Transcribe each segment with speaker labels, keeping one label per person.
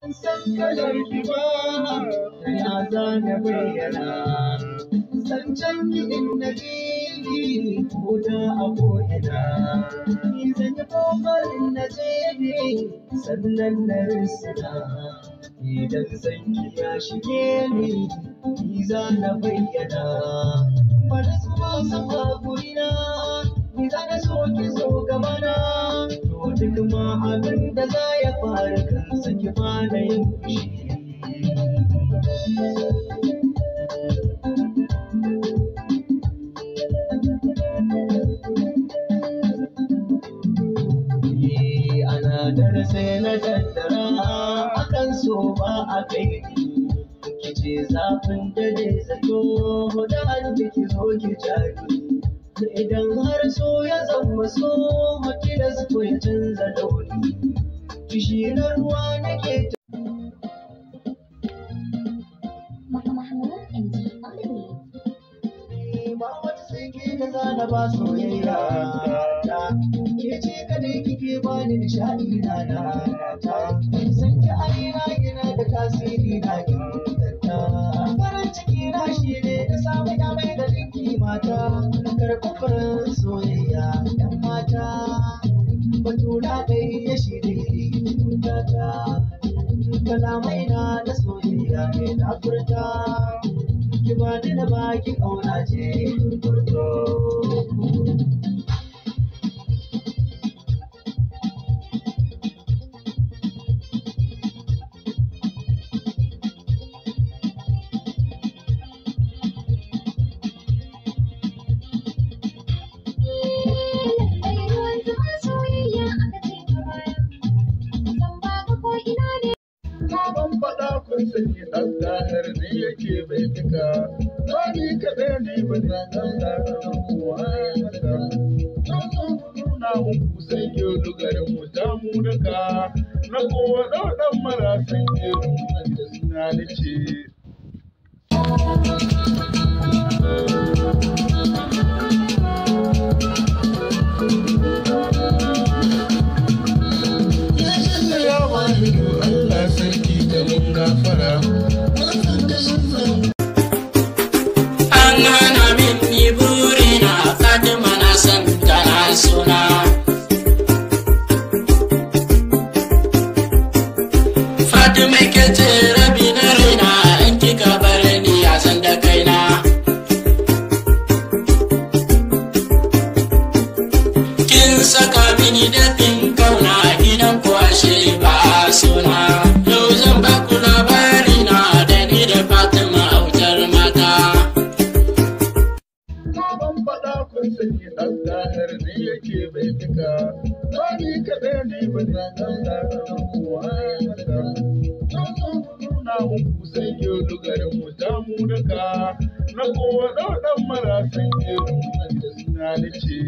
Speaker 1: san kalar ibada za na bayyana san canji in na ko da a ko'ina ni zan yi na jini sannan na risina idan sanki ya shige ne ni za na bayyana bari su ba guri ba gurina ni za na so ki zo gabana to duk ma abin za ya faru saki kwanayin Nadar sai na tattara a kan so ba a kai kice zafin da dai zato da an ki zo ki jari idan har so ya zama so maki da ya canza dauri fushi na ruwa nake ta eh, da zana ba soyayya ta ke ce kadai kike ba ni nishaɗi na na ta san ki aina yana da tasiri na gindanta farin ciki na shi ne da saba ya mai da dinki mata karɓi soyayya yan mata batu na ɗaya kalamai na da soyayya ne na furta ki ni da baki kauna ce furto tahir ne yake bai fika ba ni kaɗai ne ba na kan tahir kowa ya ka don sun sai ke lugarin mu ta murka na kowa ɗauɗan marasan irin wanda suna nace. Thank you. dumi rabi na raina a a san da kaina saka mini na kowa ɗauɗan marasan irin wanda suna nace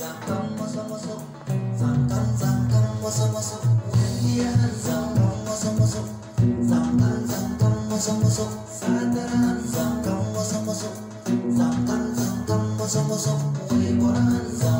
Speaker 1: Zakan maso-maso, zakan zakan maso-maso, wuyiyar zakan maso-maso, zakan zakan maso-maso, sadaran zakan maso